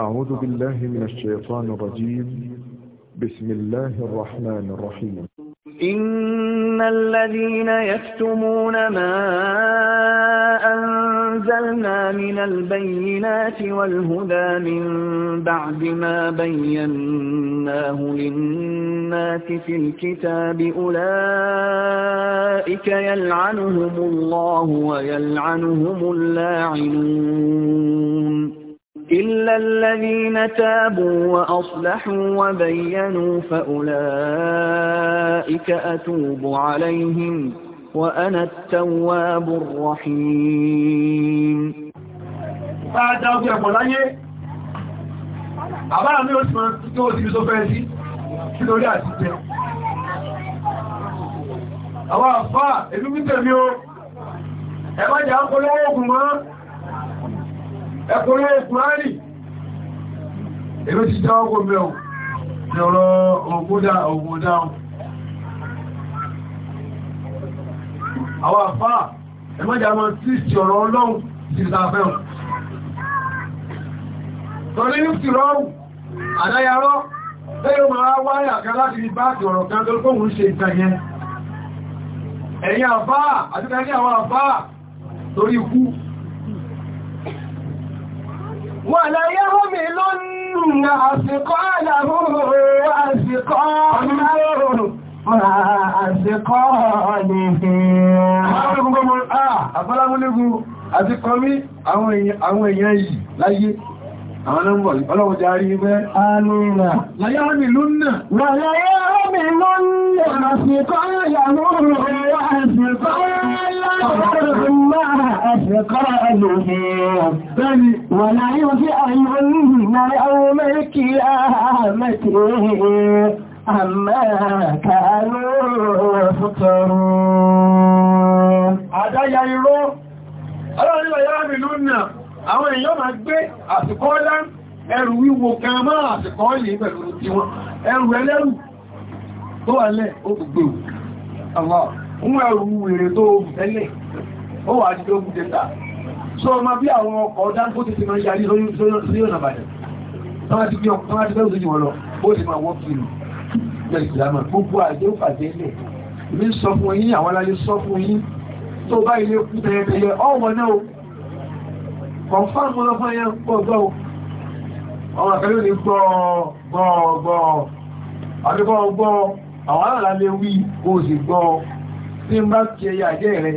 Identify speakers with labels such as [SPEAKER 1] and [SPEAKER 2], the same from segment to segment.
[SPEAKER 1] أعوذ بالله من الشيطان الرجيم بسم الله الرحمن الرحيم إن الذين يكتمون ما أنزلنا من البينات والهدى من بعد ما بيناه للناس في الكتاب أولئك يلعنهم الله ويلعنهم اللاعنون إلا الذين تابوا وأصلحوا وبينوا فأولئك أتوب عليهم وأنا التواب الرحيم أبا أمي أسمع تتوزي بزوفينسي تتوزي أسمع أبا أفا إذن ẹkùnrin ìsmáàlì èmi ti já ọkọ̀ mẹ́ọ̀ ní ọ̀rọ̀ ògúndà ògúndà àwọn àfá ẹmọ́jà máa tí ìsì ọ̀rọ̀ ọlọ́run sí ìsàfẹ́hùn tọ́lé ní ti rọrùn àdáyarọ́ tẹ́yọ máa wáyà kan láti ní báàkì ọ̀rọ̀ kan tó kóhùn ṣe ìtàyẹn ẹ̀yìn àfá àti Wàlá yẹ́rọ mi ló ń nà àsìkọ́ àlàrò àsìkọ́ ọ̀nàrò àsìkọ́ ọ̀nìyàn. Àti kọmí àwọn èèyàn yìí láyé, àwọn nọ́mbọ̀ ọlọ́wọ́ jarí ibẹ́. Àmìnà. Láyé àmì lónà. Láyé àmì lónà. Àsìkọ́ ìyàwó rẹ̀ àsìkọ́ ìyàwó rẹ̀ máa àṣẹ̀kọ́ ẹlòmíràn bẹ́ni wà láyé ojú àyíwọ́ níhì láyé àwọn mẹ́ríkì àmẹ́tì àmẹ́kàánú fútọrọ. Àdáyà irọ́, ọlọ́rìnlẹ̀ yára mi lónà, àwọn èèyàn máa gbé àsìkọ́lá ẹrù wíwo kan máa àsìkọ́lì pẹ̀lú ti wọn, ẹrù ẹlẹ́rù tó wà lẹ́ ó wà jí ó gúté ta so ọmọ bí àwọn ọkọ̀ dánkó ti ti máa ń yarí lórí ọ̀nà bàjẹ̀ tọ́wọ́n ti bẹ́rù sí wọn lọ ó ti máa wọ́n kiri lẹ́yìn ìdámà gbogbo àjẹ́ òfàjẹ́ ilẹ̀ ìbí sọ fún yín àwọn aláyé sọ fún yín tó bá ilé kú tẹ́yẹtẹ́yẹ ọwọ́ náà kọ̀nfàmù lọ fún ẹyẹn gbọ́gbọ́ ọmọ àkẹ́lẹ́ ní gbọ́ọ̀gbọ́ àdúgbọ́ gbọ́ àwọn aláàlẹ́ wí kó o sì gbọ́ tí ń bá kí ẹyà àjẹ́ rẹ̀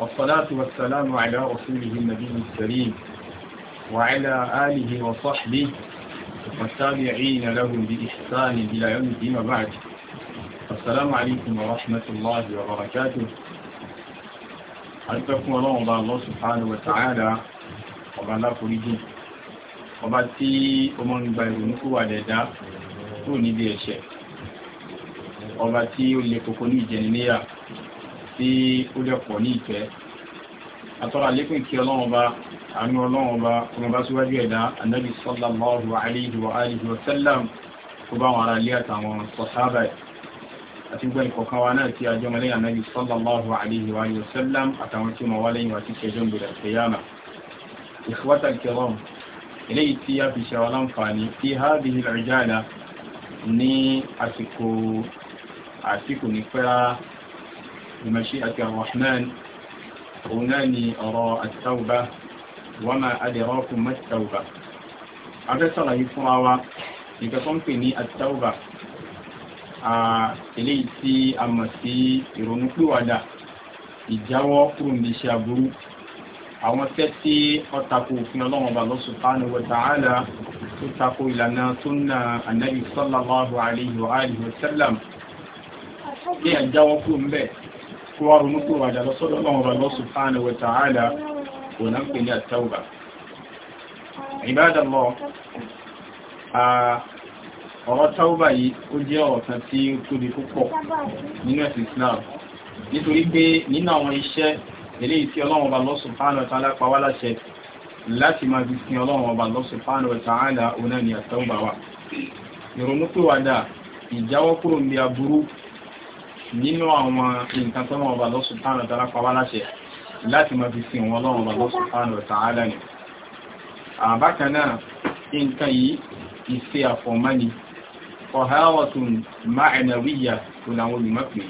[SPEAKER 2] والصلاة والسلام على رسوله النبي الكريم وعلى آله وصحبه والتابعين لهم بإحسان إلى يوم الدين وبعد السلام عليكم ورحمة الله وبركاته أتكم الله الله سبحانه وتعالى ọba aláforíjì ọba tí ọmọ ń gba ìrònú kó wà lẹ́dá kúrò níbi tí ó dẹ̀pọ̀ ní ìfẹ́ atọ́rọ àlékún ìkí ọlọ́run bá àánú ọlọ́run bá ọmọ bá síwájú ẹ̀dá anábì sallallahu alayhi wa alihi wa sallam kó bá wọn ara ilé àtàwọn sọ̀sáàbà àti gbẹ́ ìkọ̀kan wa náà tí ajọ́ mọ́lẹ́yìn anábì sallallahu alayhi wa alihi wa sallam àtàwọn tí wọ́n wá lẹ́yìn wa ti kẹjọ́ gbèrè kẹyàmà ìfúwátà kẹrọm eléyìí tí a fi ṣe wa láǹfààní tí hábìhì rìjálà ní àsìkò àsìkò nípa بمشيئة الرحمن أولاني أرى التوبة وما أدراكم ما التوبة أبسر يفراوى لكتنفني التوبة eléyìí tí a mọ̀ sí ìrònúpìwàdà ìjáwọ́ kúrò ní iṣẹ́ aburú àwọn tẹ́ tí ó tako òfin ọlọ́run bá Allah subhanahu wa ta'ala tó tako ìlànà sunna Ànábì sallallahu alayhi wa alihi wa sallam kí a jáwọ́ kúrò ń bẹ́ẹ̀ tí wá ronú pé wàdà lọ́sọ́dọ̀ ọlọ́run ọba lọ́sùn fáànù wẹ̀ tààlà kò náà pè ní àtàwùbà ìbádà lọ ọ̀rọ̀ tàwùbà yìí ó jẹ́ ọ̀rọ̀ kan tí ó tóbi púpọ̀ nínú ẹ̀sìn Islam nítorí pé nínú àwọn iṣẹ́ eléyìí tí ọlọ́run ọba lọ́sùn fáànù wẹ̀ tààlà pa náà ni àtàwùbà wà ìjáwọ́ kúrò ní aburú nínú àwọn nǹkan tó wọn ọba lọ subhanahu wa ta'ala pàwá láṣẹ láti máa fi sin wọn lọ́wọ́ ọba lọ subhanahu wa ta'ala ni àbákan náà nǹkan yìí ìṣe àfọ̀mọ́ni ọ̀háwọ̀tún máàrínàwíyà tó làwọn olùmọ́pẹ̀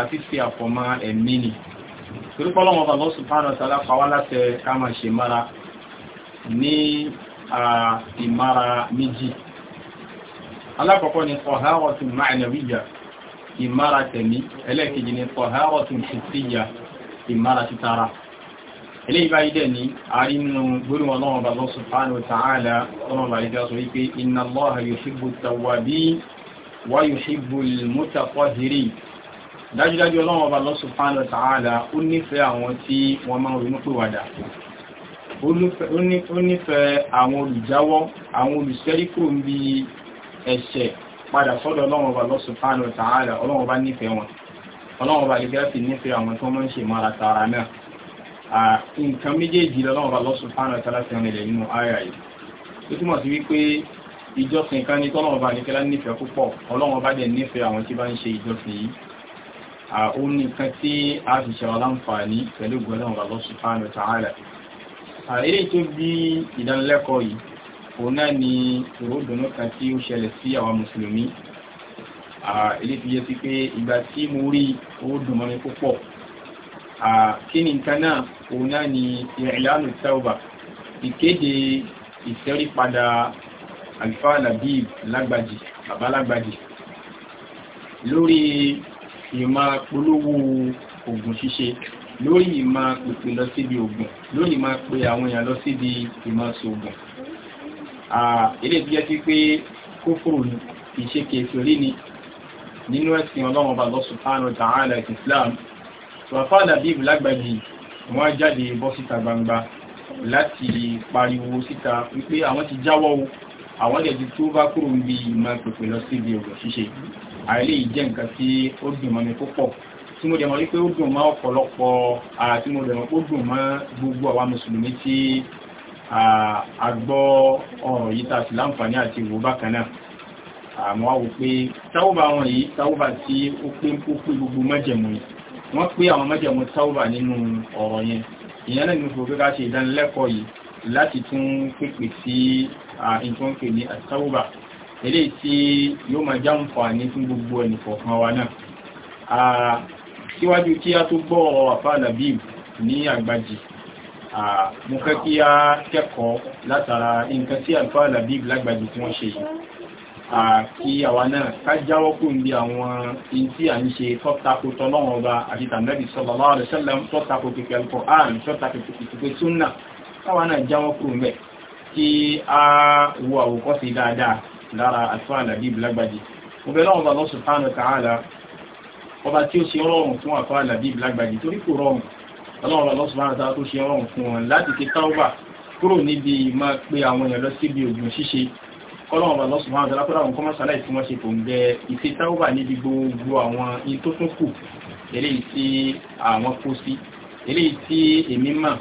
[SPEAKER 2] àti ṣe ni torípọ́lọ́wọ́ ọba lọ subhanahu alákọ̀ọ́kọ́ ni ọ̀háwọ̀tún máàrínàwíyà ìmára tẹ̀mí ẹlẹ́ẹ̀kejì ni tọ̀hárọ̀tún ṣìṣíyà ìmára títara ilé ìbáyí dẹ̀ ní àrínú gbónú ọlọ́run bá lọ subhanahu wa ta'ala ọlọ́run bá ìjá sọ wípé inna Allaha yuhibbu at-tawwabin wa yuhibbu al-mutatahhirin dájúdájú ọlọ́run bá lọ subhanahu wa ta'ala ó nífẹ̀ẹ́ àwọn padà sọ́dọ̀ ọlọ́run ọba Allah subhanahu wa ta'ala ọlọ́run ọba nífẹ̀ẹ́ wọn ọlọ́run ọba gẹ́gẹ́ sì nífẹ̀ẹ́ àwọn tó máa ń ṣe ìmọ̀ra tààrà náà nǹkan méjèèjì lọ́lọ́run ọba Allah subhanahu wa ta'ala fi hàn ilẹ̀ nínú àyà yìí ó túmọ̀ sí wípé ìjọsìn kan ní tọ́lọ́run ọba nìkẹ́lá nífẹ̀ẹ́ púpọ̀ ọlọ́run ọba dẹ̀ nífẹ̀ẹ́ àwọn tí bá ń ṣe ìjọsìn yìí òun nìkan tí a fi ṣe ọláǹfààní pẹ̀lú gbọ́dọ̀ ọba Allah subhanahu wa eré tó bí ìdánilẹ́kọ̀ọ́ yìí òun náà ni ìṣòro ìdùnnú kan tí ó ṣẹlẹ̀ sí àwọn mùsùlùmí ilé fi yẹ sí pé ìgbà tí mo rí ó dùn mọ́ mi púpọ̀ kí ni nǹkan náà òun náà ni ìrìnlánù tẹ́ọ̀bà ìkéde ìtẹ́rípadà àlùfáà Labib lágbàjì bàbá lágbàjì lórí ìmọ̀ polówó ògùn ṣíṣe lórí ìmọ̀ pèpè lọ síbi ògùn lórí ìmọ̀ pé àwọn èèyàn lọ síbi ìmọ̀ sóògùn ilé ìbíjẹ́ sí pé kúfùrù ni ìṣe kèfèrí ni nínú ẹ̀sìn ọlọ́run ọba subhanahu wa ta'ala islam tòwáfà dàbí ìbúlágbàdì wọ́n jáde bọ́ síta gbangba láti pariwo síta wípé àwọn ti jáwọ́ o àwọn lè di tó bá kúrò ń bi ìmọ̀ pèpè lọ síbi ọ̀rọ̀ ṣíṣe àìlè ìjẹ́ nǹkan tí ó dùn mọ́ mi púpọ̀ tí mo dẹ̀mọ́ wípé ó dùn mọ́ ọ̀pọ̀lọpọ̀ àti mo dẹ̀mọ́ ó dùn mọ́ gbogbo àwa mùsùlùmí tí àgbọ́ ọ̀rọ̀ yìí tàbí láǹfààní àti ìwò bákan náà àmọ́ wò pé táwọ́bà wọn yìí táwọ́bà tí ó pé ń kó pé gbogbo májẹ̀mú yìí wọ́n pé àwọn májẹ̀mú táwọ́bà nínú ọ̀rọ̀ yẹn ìyẹn náà ní fò pé ká ṣe ìdánilẹ́kọ̀ọ́ yìí láti tún pèpè sí nǹkan ní àtàwọ́bà eléyìí tí yóò máa já àǹfààní fún gbogbo ẹnì kọ̀ọ̀kan wa náà síwájú kí a tó gbọ́ ọ̀rọ̀ àfáà nàbíb ní àgbàjì mo fẹ́ kí a kẹ́kọ̀ọ́ látara nǹkan tí àlùfáà Labib lágbàjì tí wọ́n ṣe yìí kí àwa náà ká jáwọ́ kó ń bí àwọn in tí à ń ṣe tọ́tako tọ́lọ́wọ́n ọba àti tàbí sallallahu alaihi wasallam tọ́tako pípẹ́ Al-Qur'an tọ́tako pípẹ́ súnà káwa náà jáwọ́ kó ń bẹ̀ kí a wo àwòkọ́sí dáadáa lára àlùfáà Labib lágbàjì òbẹ̀ lọ́wọ́n ọba subhanahu wa ta'ala ọba tí ó ṣe rọrùn fún àlùfáà Labib lágbàjì torí kò rọrùn ọlọ́run ọlọ́run sọ láàrín tó ṣe ọlọ́run fún wọn láti ṣe táwọ́bà kúrò níbi ìmọ̀ pé àwọn èèyàn lọ síbi ògùn ṣíṣe ọlọ́run ọlọ́run sọ láàrín tó lápẹ́ àwọn kọ́mọ́ sálẹ̀ tí wọ́n ṣe kò ń bẹ ìṣe táwọ́bà níbi gbogbo àwọn in tó tún kù eléyìí tí àwọn kó sí eléyìí tí èmi mọ̀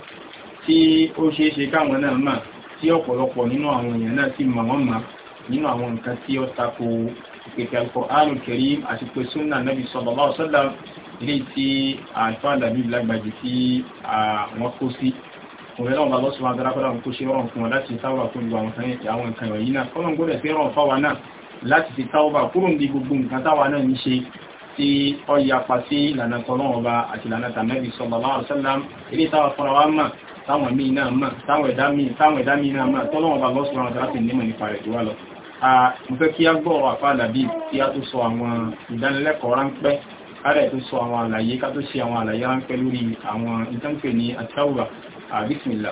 [SPEAKER 2] tí ó ṣeé ṣe káwọn náà mọ̀ tí ọ̀pọ̀lọpọ̀ nínú àwọn èèyàn náà sì mọ̀ wọ́n mọ̀ nínú àwọn nǹkan tí ó tako ìpèkè Al-Qur'an Al-Karim àti pé súnà Nabi sallallahu alaihi ilé tí àlùfáà dàbí ìlágbàjì tí wọ́n kó sí òun náà bá lọ́sùn wọn dárápàdà kó ṣe rọrùn fún wọn láti táwà fún gbogbo àwọn nǹkan ìwọ̀nyí náà kọ́nà gbọ́dẹ̀ fi rọrùn fáwa náà láti fi táwà kúrò ní gbogbo nǹkan táwa náà ń ṣe tí ó yapa sí ìlànà tọ́lọ́wọ́ bá àti ìlànà tànẹ́bì sallallahu alaihi wasallam ilé táwa fúnra wa mà táwọn míì náà mà táwọn ẹ̀dá míì náà mà tọ́lọ́wọ́ bá lọ́sùn wọn dárápàdà nímọ̀ nípa rẹ̀ tó wà lọ mo fẹ́ kí á gbọ́ ọ̀rọ̀ àfáàdàbí tí a tó sọ àwọn ìdánilẹ́kọ̀ọ́ ráńpẹ́ ara ẹ̀ tó sọ àwọn àlàyé ká tó ṣe àwọn àlàyé ránpẹ́ lórí àwọn ìtànpẹ̀ ní àtàwà àbísmìlá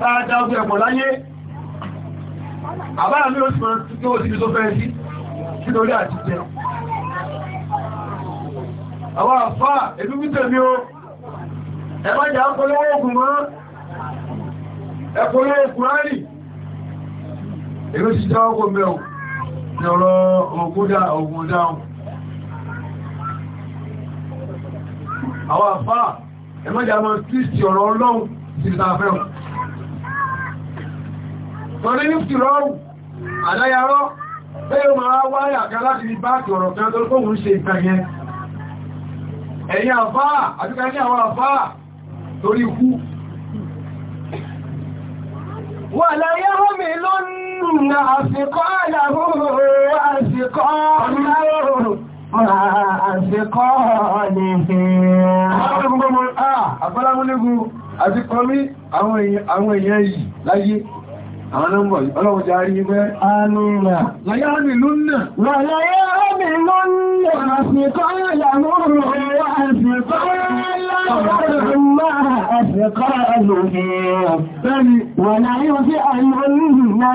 [SPEAKER 1] dáadáa ó bẹ̀rẹ̀ pọ̀ láyé
[SPEAKER 2] àbára ní oṣù tí ó ti tó fẹ́ sí nítorí
[SPEAKER 1] àti jẹun àwọn àfá ẹ̀bí wítẹ̀ mi ó ẹ̀bájá ọpọlọwọ́ ogun mọ́ ẹ̀pọ̀lọ́ ogun rárì èyí ó ti já ọkọ̀ mẹ́ àwọn àfá ẹmọ́jà mọ́ kírísì ọ̀rọ̀ ọlọ́run sí ìtàfẹ́hùn torí ní fìrọ́rù àdáyarọ́ pé ó máa wáyé àkà láti ní báàkì ọ̀rọ̀ kan tó kóhùn ṣe ìtàgẹ ẹ̀yìn àfá àtúkà ní àwọn àfá torí ikú wà láyé rọ́mì lónìí àfikọ́ àyàwó àfikọ́ ọ̀rọ̀ Ah, àwọn èèyàn yìí láyé, àwọn nọ́mbọ̀ ọlọ́wọ́ jẹ́ àrí ẹgbẹ́. Àmìnà. Láyé àmì lónà. Láyé àmì lónà. Àṣìkọ́ ìlàmọ́rùn-ún wà àṣìkọ́ ìlàmọ́rùn-ún máa àṣìkọ́ ìlòhìn. Bẹ́ni, wà láyé ó sí àmì lónà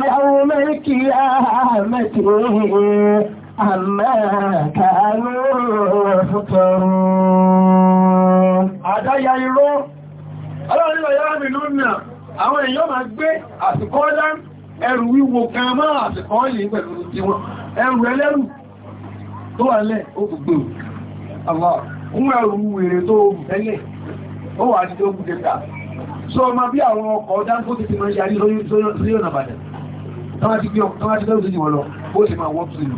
[SPEAKER 1] àmà kàánú ọ̀fọ́tọ̀rọ̀. Àdáyà irọ́, ọlọ́rìnlọ yára mi lónà, àwọn èèyàn máa gbé àsìkọ́ dán ẹrù wíwo kan máa àsìkọ́ yìí pẹ̀lú ti wọn, ẹrù ẹlẹ́rù tó wà lẹ́ òkùgbò. Àwọn ohun ẹrù wèrè tó bẹ́lẹ̀, ó wà ní tó kùdẹ́ta. So ọmọ bí àwọn ọkọ̀ dán tó ti ti máa yarí lórí ọ̀nà bàdẹ̀. Tọ́wọ́ ti gbé ọkọ̀ tó wá ti lọ́rùn sí ìwọ̀lọ́, ó sì máa wọ́pù sí ìlú.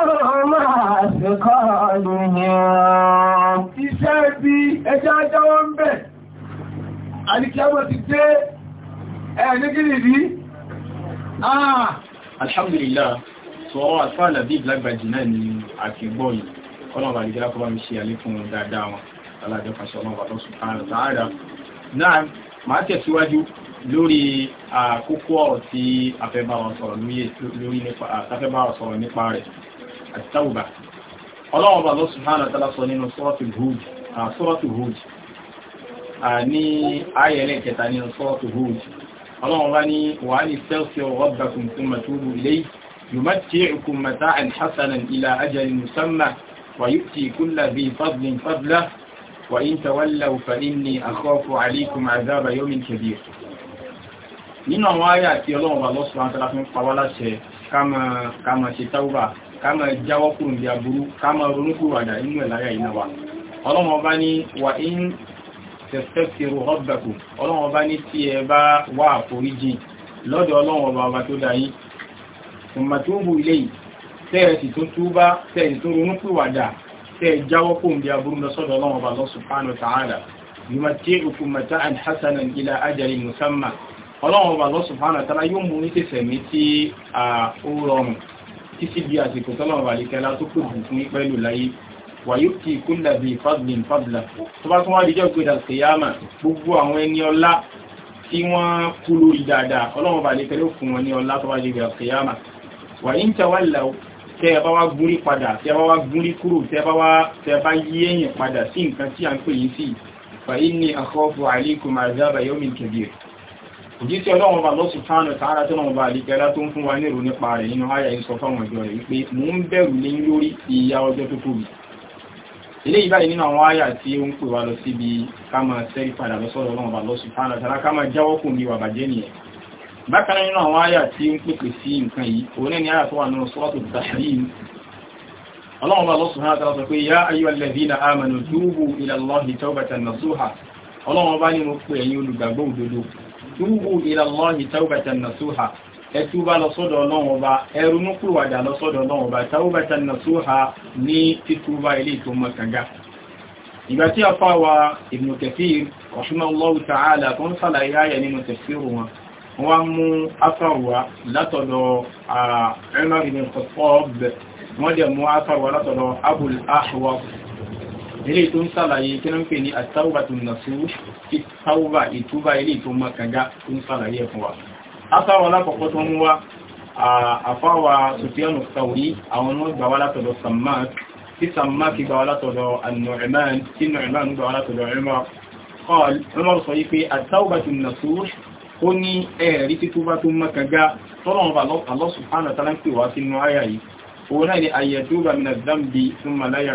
[SPEAKER 1] Iṣẹ́ bí ẹjá jáwọ́ ń bẹ̀, àríkẹ́wọ́ ti dé ẹni gírí rí.
[SPEAKER 2] Ah! Alhamdulillah, sọ́wọ́ àtfà àlàbí ìblágbàjì náà ni àti gbọ́ yìí, ọlọ́run àríkẹ́lá kọ́ bá mi ṣe àlékún dáadáa wọn, alájọ́ kan ṣe ọlọ́run àtọ́ sùkárùn-ún láàárá. Náà, máa tẹ̀síwájú lórí àkókò ah, ọ̀rọ̀ tí afẹ́báwọ̀ sọ̀rọ̀ nípa rẹ̀ àtàwùbà ọlọ́run bá lọ́sùn hàn àtàlá sọ nínú sọ́rọ̀tù Hud ní ayẹ̀lẹ̀ kẹta nínú sọ́rọ̀tù Hud ọlọ́run bá ní wà ní sẹ́lfíọ̀ rọ́bàkùn fún matubu ilé يمتعكم متاعا حسنا إلى أجل مسمى ويؤتي كل ذي فضل فضله وإن تولوا فإني أخاف عليكم عذاب يوم كبير nínú àwọn ayé àti ọlọ́run bá lọ́sùn àtàlà fún pàwọ́lá ṣe ká ṣe táúbà ká máa jáwọ́ kúrò ní aburú ká máa ronúkúwàdà inú ẹ̀ láyà iná wa ọlọ́run ọba ní wà ń tẹ̀sẹ̀fẹ̀rù ọ̀bẹ̀kù ọlọ́run ọba ní tí ẹ bá wà àforíjìn lọ́dọ̀ ọlọ́run ọba ọba tó dá yín ọmọ tó bù ilé yìí tẹ́ẹ̀ sì tó túbá tẹ́ẹ̀ tó ronúkúwàdà tẹ́ẹ̀ jáwọ́ kúrò ní aburú lọ́sọ̀dọ̀ ọlọ́run ọba Allah subhanahu wa títí di àsìkò tọ́lọ̀wọ̀ àríkẹ́lá tó kò jù fún pẹ́lú láyé wà yóò kí kúlẹ̀ bí fadlin fadla tó bá tún wá di jọ́gbé dàkìyàmà gbogbo àwọn ẹni ọlá tí wọ́n kú lórí dáadáa ọlọ́wọ̀ àríkẹ́lá fún wọn ní ọlá tó bá di dàkìyàmà wà yí ń tẹ́wà lẹ́wọ́ tẹ́ ẹ bá wá gúnrí padà tẹ́ ẹ bá wá gúnrí kúrò tẹ́ ẹ bá yí ẹ̀yìn padà sí nǹkan tí à ń pè yín sí fa inni akhafu alaykum azaba yawmin kabir ìjí tí ọlọ́run bá lọ́sùn fánà tààrà tí wọ́n bá àdíkẹ́lá tó ń fún wa nírò nípa rẹ̀ nínú ayà ń sọ fáwọn ìjọ rẹ̀ wípé mò ń bẹ̀rù lé lórí ìyá ọjọ́ tó tóbi ilé ìbáyìí nínú àwọn ayà tí ó ń pè wá lọ síbi ká máa sẹ́rí padà lọ́sọ̀rọ̀ ọlọ́run bá lọ́sùn fánà tààrà ká máa jáwọ́ kù ní wàbàjẹ́ nìyẹn bákan nínú àwọn túbù ilallahi taubatan nasuha ẹ túbá lọ́sọ́dọ̀ ọlọ́run ọba ẹ ronúpìwàdà lọ́sọ́dọ̀ ọlọ́run ọba taubatan nasuha ní títúbá ilé tó mọ́ kànga ìgbà tí a fáwa Ibn Kathir rahimahullahu ta'ala tó ń sàlàyé ayẹ ilé tó ń sàlàyé kí wọ́n pè ní àtàwà tó nà sí ìtàwà ìtúbà ilé tó mọ́ kànga tó ń sàlàyé ẹ̀fún wa. asáwà alákọ̀ọ́kọ́ tó mú wa àfáwà sùfíànù sàwòrí àwọn ọmọ gbà wá látọ̀dọ̀ sammak tí sammak gbà wá látọ̀dọ̀ annu'man tí nu'man gbà wá látọ̀dọ̀ umar umar sọ yí pé àtàwà tó nà sí ó ní ẹ̀rí títúbà sínú àyà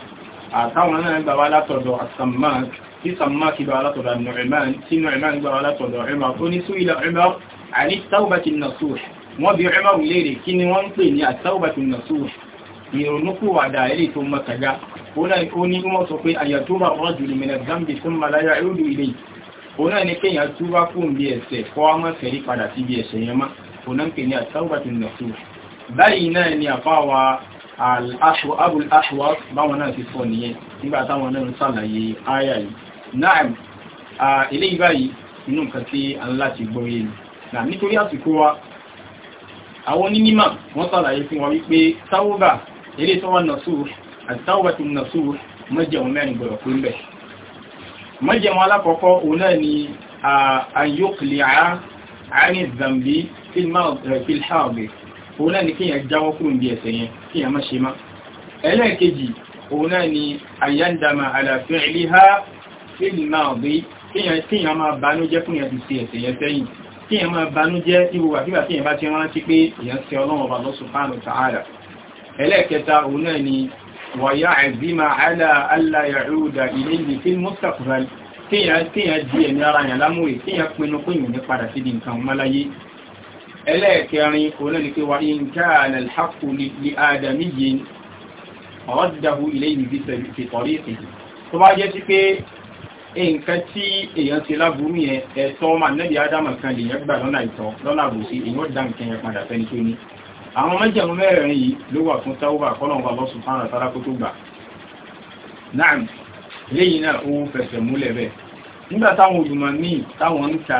[SPEAKER 2] àtàwọn náà gbà wá látọ̀dọ̀ Sammak tí Sammak gbà wá látọ̀dọ̀ Nu'man tí Nu'man gbà wá látọ̀dọ̀ Umar tó ní su'ila Umar àní tawbatin nasuh wọ́n bí Umar léèrè kí ni wọ́n ń pè ní at-tawbatun nasuh ìrònúkúwàdà ilé tó mọ́kàgá ó ní wọ́n sọ pé àyàtúbà rajulun min adh-dhanbi thumma la ya'udu ilayhi òun náà ni abul ashwaq báwọn náà ti fọ́ nìyẹn nígbà táwọn náà ń sàlàyé àyà yìí náà ilé ìbáyìí inú nǹkan tí a ń láti gbọ́yé ni náà nítorí àsìkò wa àwọn onímọ̀ wọ́n sàlàyé fún wa wípé táwọ́bà eré tó wọ́n nàṣù àti táwọ́bà tó nàṣù mọ́jẹ̀wọ̀n mẹ́rin gbọ́dọ̀ pé ń bẹ̀ mọ́jẹ̀wọ̀n alákọ̀ọ́kọ́ òun náà ni kíyàn jáwọ́ kúrò bí ẹ̀ṣẹ̀ yẹn kíyàn má ṣe má ẹlẹ́ẹ̀kejì òun náà ni àyándàmà àlàfẹ́ ìlíhá fíìlì máa bí kíyàn máa banújẹ́ fún ìyàn ti ṣe ẹ̀ṣẹ̀ yẹn sẹ́yìn kíyàn máa banújẹ́ ìwòwà fígbà kíyàn bá ti rántí pé èyàn ṣe ọlọ́run ọba lọ́sùn fáànù tààrà ẹlẹ́ẹ̀kẹta òun náà ni wàyá àzímà àlà aláyàrúdà ní padà sí di ẹlẹ́ẹ̀kẹrin onílẹ̀kẹ́ wa in kana al-haqqu li adamiyyin raddahu ilayhi fi tariqihi tó bá jẹ́ sí pé nǹkan tí èèyàn ti láburú yẹn ẹ̀tọ́ ọmọ nẹ́bí ádámà kan lè yẹn gbà lọ́nà ìtọ́ lọ́nà àbòsí èèyàn dá nǹkan yẹn padà fẹ́ni tó ní àwọn mẹ́jẹ̀mú mẹ́rin yìí ló wà fún náà ó fẹsẹ̀ múlẹ̀ bẹ́ẹ̀ nígbà táwọn olùmọ̀ míì táwọn ń ta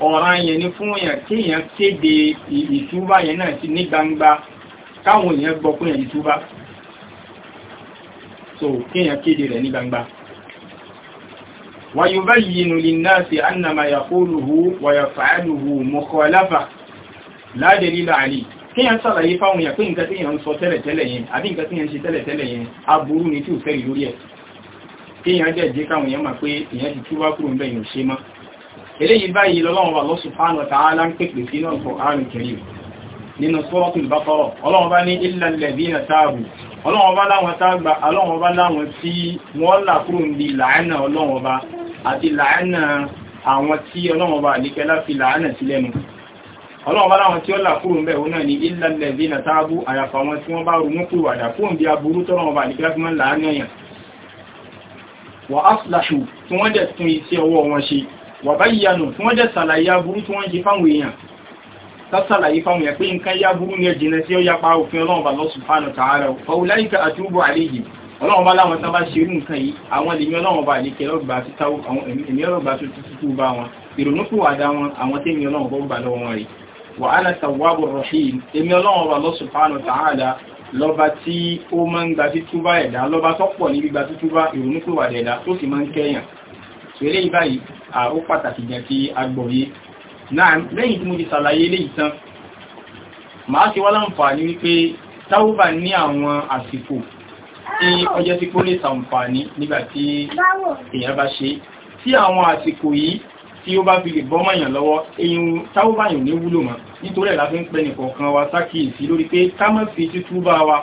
[SPEAKER 2] ọ̀ràn yẹn ni fún èèyàn kí èèyàn kéde ìtúbà yẹn náà sí ní gbangba káwọn èèyàn gbọ́ pé èèyàn ìtúbà so kí èèyàn kéde rẹ̀ ní gbangba wàyùbá yìí nù lè náà sí annama yaquluhu wàyàfàálùhù mukhalafa láàdẹ̀ lílà àlè kí èèyàn sàlàyé fáwọn èèyàn pé nǹkan tí èèyàn ń sọ tẹ́lẹ̀tẹ́lẹ̀ ni tí ò fẹ́ lórí ẹ̀ kí èèyàn jẹ́ eléyìí báyìí lọ́wọ́ Allah subhanahu wa ta'ala ń pèpè sínú al-Qur'an al-Karim nínú Suratul Baqarah ọlọ́wọ́ bá ní illa alladhina tabu ọlọ́wọ́ bá láwọn tágbà ọlọ́wọ́ bá láwọn tí wọ́n là kúrò ní làánà ọlọ́wọ́ bá àti làánà àwọn tí ọlọ́wọ́ bá àdíkẹ́ láti làánà sí lẹ́nu ọlọ́wọ́ bá láwọn tí ó là kúrò mẹ́ òun náà ni illa alladhina tabu àyàfà wọn tí wọ́n bá ronú kúrò àdá kúrò bí aburú tọ́lọ́wọ́ bá wàbáyìyànù tí wọ́n jẹ́ sàlàyé aburú tí wọ́n yí fáwọn èèyàn sàlàyé fáwọn èèyàn pé nǹkan yá burú ní ẹjìnlẹ̀ tí ó yapa òfin ọlọ́run bá lọ́sùn fánà tààrà fọwọ́láìkà àtúbọ̀ àlejì ọlọ́run láwọn tán ṣe irú nǹkan yìí àwọn èmi tí ó máa ń gba títúbà ẹ̀dá lọ́ba tó níbi gba títúbà ìrònú kù tó sì máa ń kẹ́yàn ṣeré ìbáyìí ó pàtàkì jẹ́ kí agbọ̀yé náà lẹ́yìn tí mo ti ṣàlàyé léyìí tán máa ṣe wá láǹfààní wípé táwùbà ní àwọn àsìkò tí ọjọ́ sí kó lè ṣàǹfààní nígbàtí èèyàn bá ṣe tí àwọn àsìkò yìí tí ó bá fi lè bọ́ mọ̀yàn lọ́wọ́ eyín táwùbà yìí ní wúlò mọ́ nítorí ẹ̀ la fi ń pẹ́ nìkọ̀ọ̀kan wa sákìyèsí lórí pé ká má fi tútú bá wa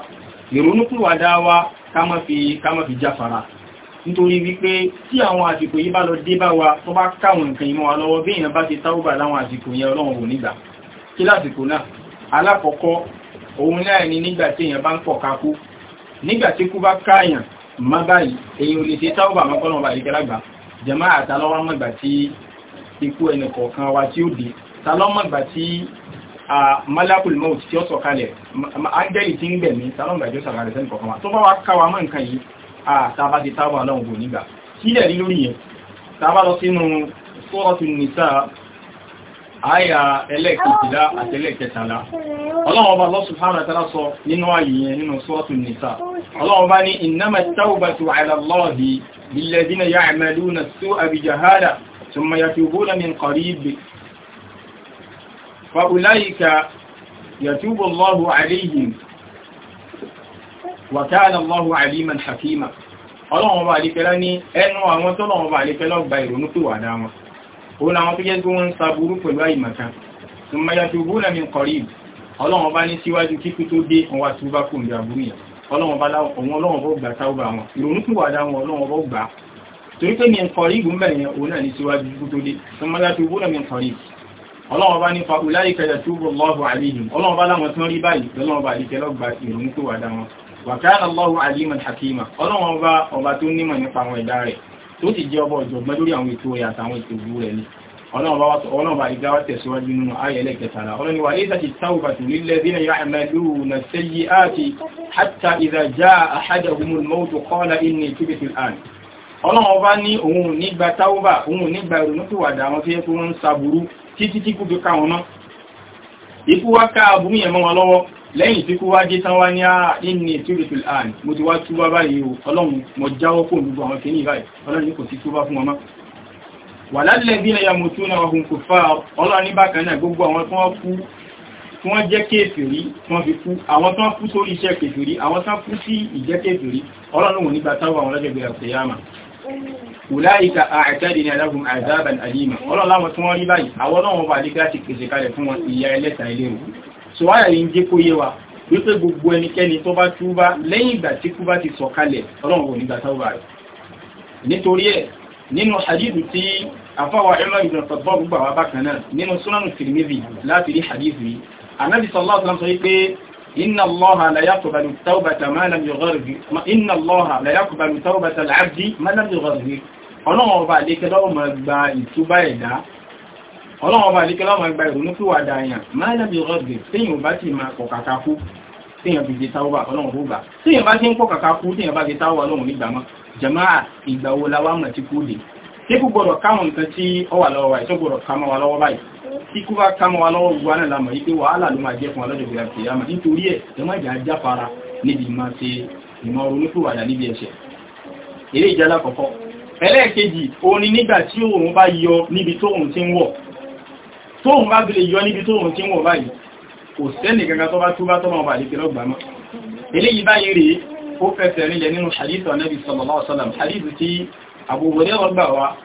[SPEAKER 2] ìrònúkúrò àdá wa ká má fi jáfara nítorí wípé tí àwọn àsìkò yí bá lọ dé bá wa tó bá káwọn nǹkan ìmọ̀ wa lọ́wọ́ bí èèyàn bá ti táwọ́bà láwọn àsìkò yẹn ọlọ́run ò nígbà kí lásìkò náà alákọ̀ọ́kọ́ òun náà ni nígbà tí èèyàn bá ń pọ̀ kakú nígbà tí kú bá káàyàn má báyìí èyí ò lè ṣe táwọ́bà mọ́kànlọ́wọ́ àríkẹ́lágbà jẹ́má a malakul maut tí ó sọ̀kalẹ̀ angeli tí ń gbẹ̀mí tàlọ́mọ̀gbà tí ó sọ̀kalẹ̀ sẹ́nì kọ̀ọ̀kan wa tó wa káwa mọ́ nǹkan yìí àtàbá ah, ti tábà aláwọ̀ bò nígbà sílẹ̀ ní lórí yẹn tàbá lọ sínú sọ́ọ̀tù nìta àyà ẹlẹ́ẹ̀kejìlá àtẹ́lẹ́ẹ̀kẹtàlá ọlọ́wọ́n bá lọ́sùn fara tẹ́lá sọ nínú ààyè yẹn nínú sọ́ọ̀tù nìta ọlọ́wọ́n bá ní innama tawbatu ala Allahi lilladhina ya'maluna as-su'a bi jahala thumma wa kana Allahu aliman hakima ọlọ́run bá àdíkẹ́lá ní ẹnu àwọn tó lọ́run bá àdíkẹ́lá gba ìrònú tó wà dáwọn ó na wọn tó jẹ́ tó ń sàbúrú pẹ̀lú àìmọ̀kan tó mẹ́yà tó bá ní síwájú kíkú tó dé wọn tó bá bá láwọn tó rí báyìí lọ́lọ́run bá àdíkẹ́ lọ́gbà tó wà dáwọn wàkàrà Allahu aliman hakima ọlọ́run ọba ọba tó nímọ̀ nípa àwọn ẹ̀dá rẹ̀ tó sì jẹ́ ọba ọ̀jọ̀gbọ́n lórí àwọn ètò rẹ̀ àtàwọn ètò ìlú rẹ̀ ni ọlọ́run ọba ìgbà tẹ̀síwájú nínú ayẹ̀lẹ̀ kẹtàlá ikú wá ká abúmí wọn lọ́wọ́ lẹ́yìn tí kú wá dé tán wá ní àà ní ìtúrùtù àn mo ti wá túbá báyìí o ọlọ́run mo jáwọ́ kò gbogbo àwọn kìíní báyìí ọlọ́run ní kò sí túbá fún ọmọ wà lálẹ́ bí ẹ̀yà mo tún náà hùn kò fà ọlọ́run ní bákan náà gbogbo àwọn tó wọ́n kú tí wọ́n jẹ́ kéfèrí tí wọ́n fi kú àwọn tó wọ́n kú sórí iṣẹ́ alima. Ọlọ́run láwọn tí wọ́n rí báyìí, àwọn náà wọ́n bá lé gáàsì pèsè kalẹ̀ fún wọn ìyà ẹlẹ́ta ilé òkú so àyà yìí ń jẹ́ kó yé wa wípé gbogbo ẹnikẹ́ni tó bá túbá lẹ́yìn ìgbà tí kú bá ti sọ̀kalẹ̀ ọlọ́run kò ní gbà tàúbà rẹ̀ nítorí ẹ̀ nínú hadithu tí afọ́wà ẹ̀rọ ìdọ̀tọ̀bọ̀ gbogbo àwọn bákan náà nínú súnánù tìrìmìbì láti rí hadithu yìí anábì sallallahu alaihi wasallam sọ wípé inna allaha la yaqbalu tawbata ọlọ́run ọba àdíkẹ́ láwọn ẹgbà ìrònú fi wà dáyàn máa lẹ́bí rọ́gbẹ̀ tíyàn bá ti máa pọ̀ kàkà kú tíyàn fi jẹta ọba ọlọ́run tó gbà tíyàn bá ti ń pọ̀ kàkà kú tíyàn bá jẹta ọba ọlọ́run nígbà mọ́ jàmáà ìgbà wo la wá mọ̀ tí kú lè tí kú gbọ́dọ̀ káwọn nǹkan tí ó wà lọ́wọ́ báyìí tó gbọ́dọ̀ ká mọ́ wa lọ́wọ́ báyìí tí kú bá ká mọ́ wa lọ́wọ́ gbogbo náà lámọ̀ yìí pé wàhálà ló máa jẹ́ fún ọlọ́dọ̀ ìgbà tí a mọ̀ nítorí ẹ̀ ẹ má jẹ́ ajáfara níbi ìmọ̀ ṣe ìmọ̀ ronúkúwàdà níbi ẹ̀ṣẹ̀ eré ìjà lákọ̀ọ́kọ́ ẹlẹ́ẹ̀kejì òun ni nígbà tí òun bá yọ níbi tóun ti ń wọ̀ tóhun bá fi lè yọ níbi tóhun tí wọ́n báyìí kò sẹ́nì gangan tó bá túbá tọ́mọ ọba àdíkẹ́ lọ́gbàmọ́ eléyìí báyìí rí ó fẹ́fẹ́ rílẹ̀ nínú sallallahu alaihi wasallam hadith Abu Hurairah gbà wá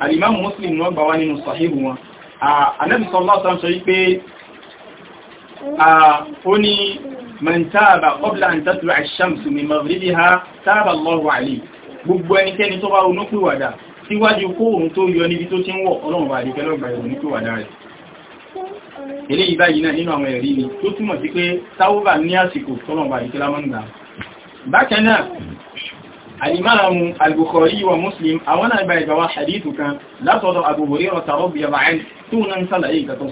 [SPEAKER 2] alimamu Muslim wọ́n gbà wá nínú sahihu wọn anẹ́bí sallallahu alaihi wasallam sọ wípé ó ní man taaba qabla an tatlu'a ash-shamsu min maghribiha taaba Allahu alayhi gbogbo ẹnikẹ́ni tó bá ronú pìwàdà síwájú kóòrùn tó yọ níbi tó ti ń wọ̀ ọlọ́run bá àdíkẹ́ lọ́gbà ìrònú pìwàdà rẹ̀ ilé ìbáyìí náà nínú àwọn ẹ̀rí ni tó túmọ̀ sí pé táwọ́bà ní àsìkò tọ́lọ̀wà ìkẹlá mọ́nà bákan náà alìmọ́làmù al wa Muslim àwọn náà bá ìgbàwà hadithu kan látọ̀dọ̀ Abu Hurairah tàbí yaba'in tó náà ń sálàyé ìkà tó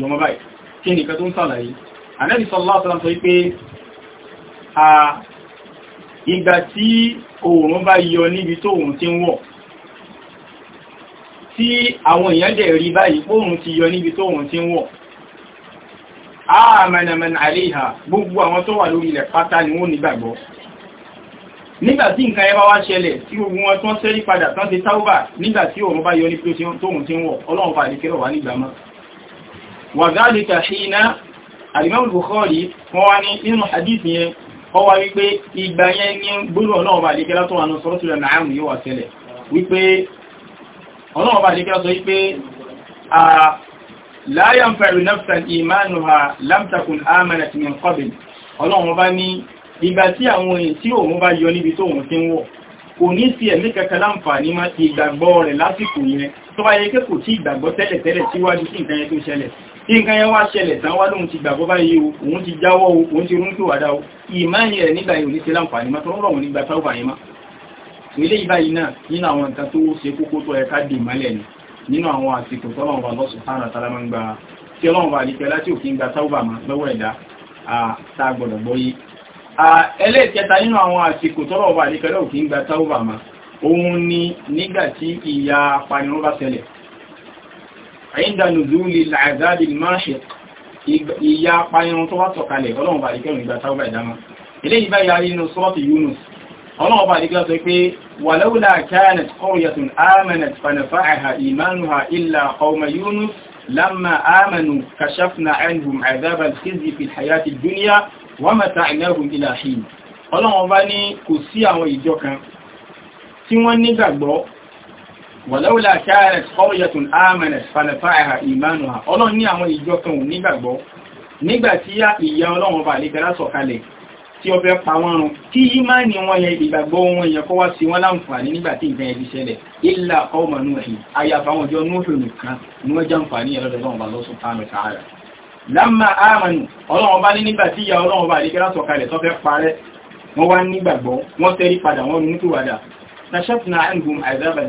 [SPEAKER 2] jọmọ báyìí kí ni ìkà tó ń sálàyé Ànábì sallallahu alaihi wasallam sọ pé ìgbà tí oòrùn bá yọ níbi tó oòrùn ti àwọn èèyàn rí báyìí oòrùn ti yọ níbi tó oòrùn ti ń wọ̀ àmànàmàn àríhà gbogbo àwọn tó wà lórí ilẹ̀ pátá ni wọ́n nígbàgbọ́ nígbàtí nǹkan ẹbá wá ṣẹlẹ̀ tí gbogbo wọn tán sẹ́rí padà tán ti táúbà nígbàtí òun bá yọ ní pé tóhun tí ń wọ̀ ọlọ́run bá àdíkẹ́rọ̀ wà nígbà mọ́ wàzálìkà sí iná alimọ́bù Bukhari wọ́n wá ní nínú hadith yẹn ọ wá wípé ìgbà yẹn ní gbólú ọlọ́run bá àdíkẹ́rọ̀ tó wà ní sọ́rọ́tùlẹ̀ nàáàmù yóò wà ṣẹlẹ̀ wípé ọlọ́run bá àdíkẹ́rọ̀ sọ wípé la yanfa'u nafsan imanuha lam takun amanat min qabl ọlọ́run bá ní ìgbà tí àwọn èyí tí òun bá yọ níbi tó òun ti ń wọ̀ kò ní sí ẹ̀mí kankan láǹfààní má ti ìgbàgbọ́ rẹ̀ lásìkò yẹn tó bá yẹ pé kò tí ìgbàgbọ́ tẹ́lẹ̀tẹ́lẹ̀ síwájú sí nǹkan yẹn tó ṣẹlẹ̀ tí nǹkan yẹn wá ṣẹlẹ̀ tán wá lóun ti gbàgbọ́ báyìí o òun ti jáwọ́ o òun ti rún kíwàdá o ìmáàyè rẹ̀ nígbà yìí ò láǹfààní má tó rọrùn òun nígbà táwọn àyè ilé ìbáyìí náà nínú àwọn nǹkan tó ṣe kókó tó ẹ̀ka dì mọ́lẹ̀ ni nínú àwọn àsìkò tọ́lọ́run bá lọ́sùn tánà tàbí máa ń gba tí ọlọ́run bá nípẹ́ láti òfin gba táwùbà máa lọ́wọ́ ẹ̀dá a gbọ́dọ̀ gbọ́ yìí ẹlẹ́ẹ̀kẹta nínú àwọn àsìkò tọ́lọ́run bá nípẹ́ láti òfin gba táwùbà máa òun ni nígbà tí ìyà apanirun bá ṣẹlẹ̀ àyíndà nùzúlì làzáàdì máṣe ìyà apanirun tó wá sọ̀kalẹ̀ ọlọ́run bá nípẹ́ ìgbà táwùbà ìdámá ọlọ́wọ́ bá dìgbà sọ pé wàláwùlá kánẹt kọ́wàyàtún ámẹ́nẹt fanafáàhà ìmánuha ilá ọmọ yunus lámà ámẹ́nu kashafna ẹnhùn àzábàn kízi fi hayati duniya wọ́n mẹ́ta ẹ̀nẹ́hùn ilá hìn ọlọ́wọ́ bá ní kò sí àwọn ìjọ kan tí wọ́n nígbàgbọ́ wàláwùlá kánẹt kọ́wàyàtún ámẹ́nẹt fanafáàhà ìmánuha ọlọ́wọ́ ní àwọn ìjọ kan nígbàgbọ́ tí ó fẹ́ pa wọ́n rùn kí yí máa ní wọ́n yẹ ìgbàgbọ́ wọn èèyàn kọ́ wá sí wọ́n láǹfààní nígbàtí ìgbẹ̀yẹ̀ ti ṣẹlẹ̀ ilá ọmọ núhì ayàfà àwọn ọjọ́ núhì nìkan ní wọ́n jàǹfààní ẹ̀lọ́dọ̀lọ́wọ́ subhanahu wa ta'ala lámà àmànù ọlọ́run bá ní nígbàtí ìyà ọlọ́run bá àríkẹ́lá sọ̀kalẹ̀ tó fẹ́ parẹ́ wọ́n wá nígbàgbọ́ wọ́n tẹ́rí padà wọ́n ní kíwàdà kashafna anhum azaba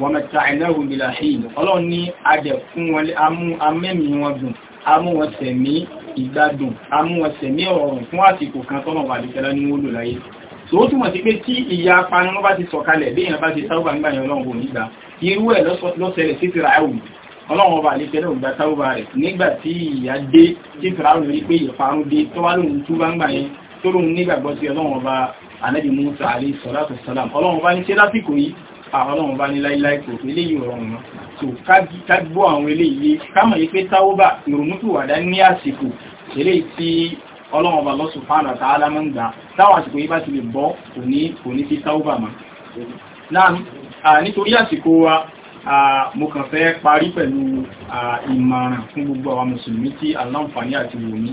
[SPEAKER 2] wọ́n mẹ́ta ìnáwó ìlà ìlú ọlọ́run ní adẹ̀ fún wọn amẹ́mí wọn dùn amúwọ̀sẹ̀mí ìgbádùn amúwọ̀sẹ̀mí ọ̀rùn fún àsìkò kan tọ́nà wà lùtẹ́lá ní wọ́n lò láyé tó túnmọ̀ sí pé tí ìyá apanu wọ́n bá ti sọ̀kalẹ̀ bí èèyàn bá ti sáwọ́bà nígbà yẹn ọlọ́run òní gbà irú ẹ̀ lọ́sẹ̀rẹ̀ sí Fíráùn ọlọ́run ọba àlefẹ́lẹ́ ògbà sáwọ́bà rẹ̀ nígbà tí ìyá dé tí Fíráùn rí pé ìparun dé tó wá lóhun tú bá ń gbà yẹn tó àwọn ọlọ́run bá ní láíláí kò tó eléyìí rọrùn mọ́ tó kágbó àwọn eléyìí kámọ̀ yí pé táwọ́bà ìrònúkúwàdá ní àsìkò eléyìí tí ọlọ́run ọba Allah subhanahu wa ta'ala máa ń gbà táwọn àsìkò yí bá ti lè bọ́ kò ní kò ní sí táwọ́bà mọ́ náà nítorí àsìkò wa mo kàn fẹ́ parí pẹ̀lú ìmọ̀ràn fún gbogbo àwọn mùsùlùmí tí aláǹfààní àti wòmí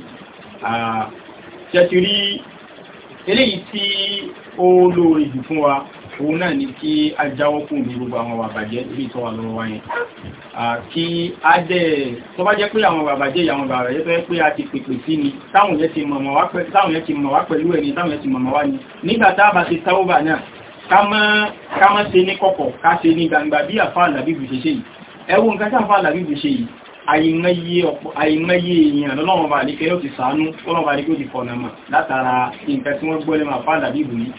[SPEAKER 2] ṣe ti rí eléyìí tí ó lóore jù fún wa òun náà ni kí a jáwọ́ kù ní gbogbo àwọn bàbàjẹ́ bí ìtọ́wà lọ́wọ́ wa yẹn kí a dẹ̀ tó bá jẹ́ pé àwọn bàbàjẹ́ àwọn bàbàjẹ́ tó yẹ pé a ti pèpè sí ni táwọn yẹn ti mọ̀ wá pẹ̀lú ẹni táwọn yẹn ti mọ̀ wá ni nígbà tá a bá ti táwọ́bà náà ká má ṣe ní kọ̀kọ̀ ká ṣe ní gbangba bí àfáà làbíbù ṣe ṣe yìí ẹwọ nǹkan tí àfáà làbíbù ṣe yìí àìmẹ́yẹ èèyàn lọ́wọ́ bá ní kẹ́ yóò ti sàánú lọ́wọ́ bá ní kí ó ti fọ̀nà mọ̀ látara nǹkan tí wọ́n gbọ́lẹ́mọ̀ àfáà làbíbù yìí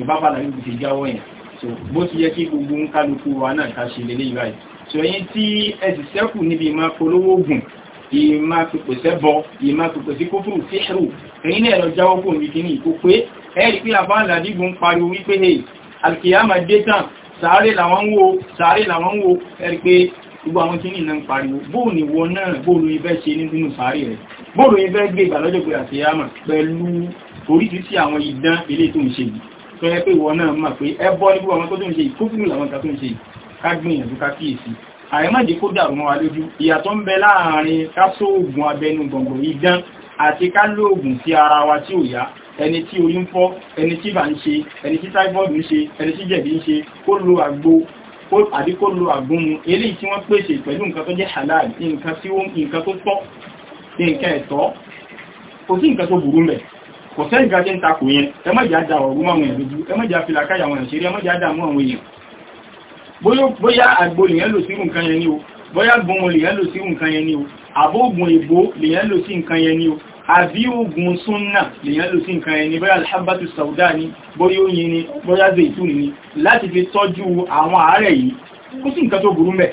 [SPEAKER 2] tó bá bàlá níbi ti jáwọ́ yẹn so bó ti yẹ kí gbogbo ń kálukú wa náà ká ṣe lélẹ́yìí báyìí so yín tí ẹ sì sẹ́kù níbi ìmọ̀ polówó gùn ìmá pípò sẹ́bọ ìmá pípò sí kófù fíṣrù ẹ̀yìn ẹ̀rọ jáwọ́ fún mi kìíní kó pé ẹ̀rí pé àbáńlá dígun pariwo wípé hey alkiyama dé tán sàárè làwọn wo sàárè làwọn wo ẹ̀rí pé gbogbo àwọn kìíní náà ń pariwo bóò ní wọ náà bóòlù ibẹ́ ṣe nínú sàárè rẹ̀ bóòlù ibẹ́ gbé ìgbàlọ́jọ́ pé àkiyama pẹ̀lú oríṣiríṣi àwọn ìdán ilé tó ń ṣe yìí tó yẹ pé ìwọ náà mọ̀ pé ẹbọ ní gbogbo àwọn tó ń ṣe ìkófìrù làwọn ìta tó ń ṣe kágbìyànjú kákíyèsí àìmọ́dé kó dàrú mọ́ wa lójú ìyàtọ̀ ń bẹ láàárín kásó oògùn abẹnú gbọ̀ngbọ̀ idán àti ká lóògùn sí ara wa tí ò yá ẹni tí oyún fọ́ ẹni tí bá ń ṣe ẹni tí typhoid ń ṣe ẹni tí jẹ̀bi ń ṣe kó lo àgbo àbí kó lo àgbóhun eléyìí tí wọ́n pèsè pẹ̀lú nǹkan tó jẹ́ halal nǹkan tó tọ́ nǹkan ẹ̀tọ́ kò sí nǹkan tó burú mẹ́ kò sẹ́ ìgbàjẹ́ ń takò yẹn ẹ má jẹ́ àdá ọ̀rún àwọn èèyàn lójú ẹ má jẹ́ àfilàkáyà àwọn ìṣeré ẹ má jẹ́ àdá mú àwọn èèyàn bóyá àgbo lèyàn lò sí nǹkan yẹn ni o bóyá gbọmọ lèyàn lò sí nǹkan yẹn ni o àbóògùn ègbò lèyàn lò sí nǹkan yẹn ni o àbí oògùn zaitun ni láti fi tọ́jú àwọn àárẹ̀ yìí kò sí nǹkan tó burú mẹ́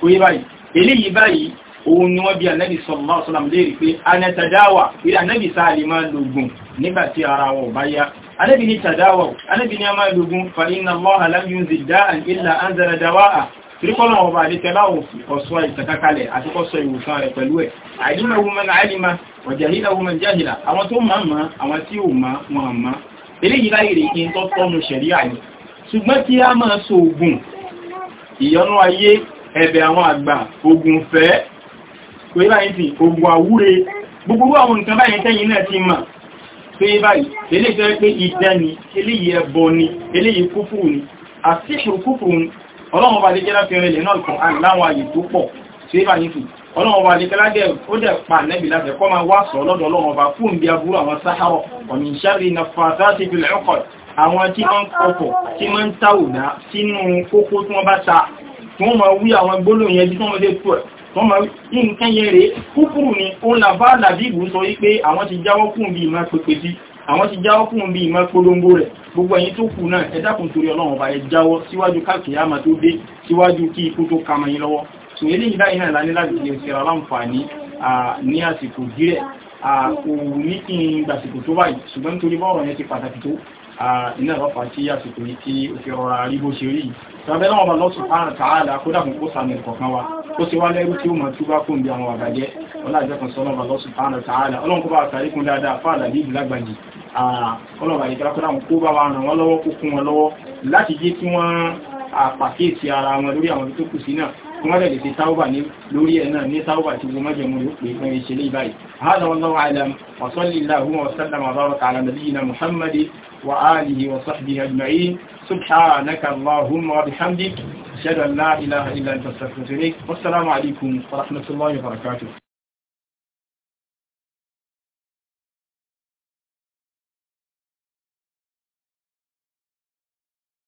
[SPEAKER 2] kò yé báyìí eléyìí òun ni wọ́n bí ànẹ́bì sallallahu alaihi wasallam léèrè pé anẹ́tàdáwà ìrẹ́ ànẹ́bì sáàlì máa lògùn nígbàtí ara wọ̀ bá yá ànẹ́bì ní tàdáwà ànẹ́bì ní a máa lògùn fa inna Allaha lam yunzil da'an illa anzala dawa'a tìríkọ́lọ̀ ọba àdíkẹ́lá ọ̀sọ́ ìtàkàkalẹ̀ àti kọ́sọ ìwòsàn rẹ̀ pẹ̀lú ẹ̀ àìlímẹ̀ women àìlímà ìyọnú ayé ẹ̀bẹ̀ àwọn àgbà ogun fẹ́ tó yí báyìí sí ogun àwúre gbogbo àwọn nǹkan báyìí tẹ́yìn náà ti mà tó yí báyìí eléyìí tó pé ìdáni eléyìí ẹbọ ni eléyìí kúfù ni àṣíṣù kúfù ni ọlọ́run bá dékẹ́lá fi rẹ̀ náà kàn án láwọn àyè tó pọ̀ tó yí báyìí sí ọlọ́run bá dékẹ́lá dẹ̀ ó dẹ̀ pa nẹ́bì láti ẹ̀kọ́ máa wá sọ lọ́dọ̀ ọlọ́run bá fún bí aburú àwọn sáhárọ̀ ọ̀nà ìṣẹ́rí na fàtà ti fi lẹ́ọ̀kọ̀ àwọn tí wọ́n ń kọkọ̀ tí wọ́n ń táwùdá sínú kókó tí wọ́n bá ta tí wọ́n ma ní nǹkan yẹn rẹ̀ kúkúrù ni ó làbá làbíbù sọ wípé àwọn ti jáwọ́ kún bí ìmọ̀ pẹ̀pẹ̀ sí àwọn ti jáwọ́ kún bí ìmọ̀ polongo rẹ̀ gbogbo ẹ̀yin tó kù náà ẹ dákun torí ọlọ́run ọba ẹ jáwọ́ síwájú káàkiri àmà tó dé síwájú kí ikú tó kama yín iná ìrọ́fà tí àsìkò yìí tí ó fi rọra rí bó ṣe rí ìtàbẹ́ náà ọba lọ́sùn àrùn tààlà kó dàkùn kó sàmì ìkọ̀kan wa ó ti wá lẹ́rú tí ó mọ̀ tí ó bá kó ń bí àwọn àbàjẹ́ ọlájẹ́kan sọ́nà ọba lọ́sùn àrùn tààlà ọlọ́run kó bá sàríkún dáadáa fáàlà ní ìlú lágbàjì ọlọ́ba ìjọba kó dàkùn kó bá wa ràn wọ́n lọ́wọ́ kó fún wọn lọ́wọ́ láti jẹ́ kí wọ́n àpàkíyèsí ara wọn lórí àwọn tó kù sí náà kuma da ke tauba ne lori yana ne tauba ce goma jamu da yake kan yace وآله وصحبه أجمعين سبحانك اللهم وبحمدك أشهد أن لا إله إلا أنت أستغفرك والسلام عليكم ورحمة الله وبركاته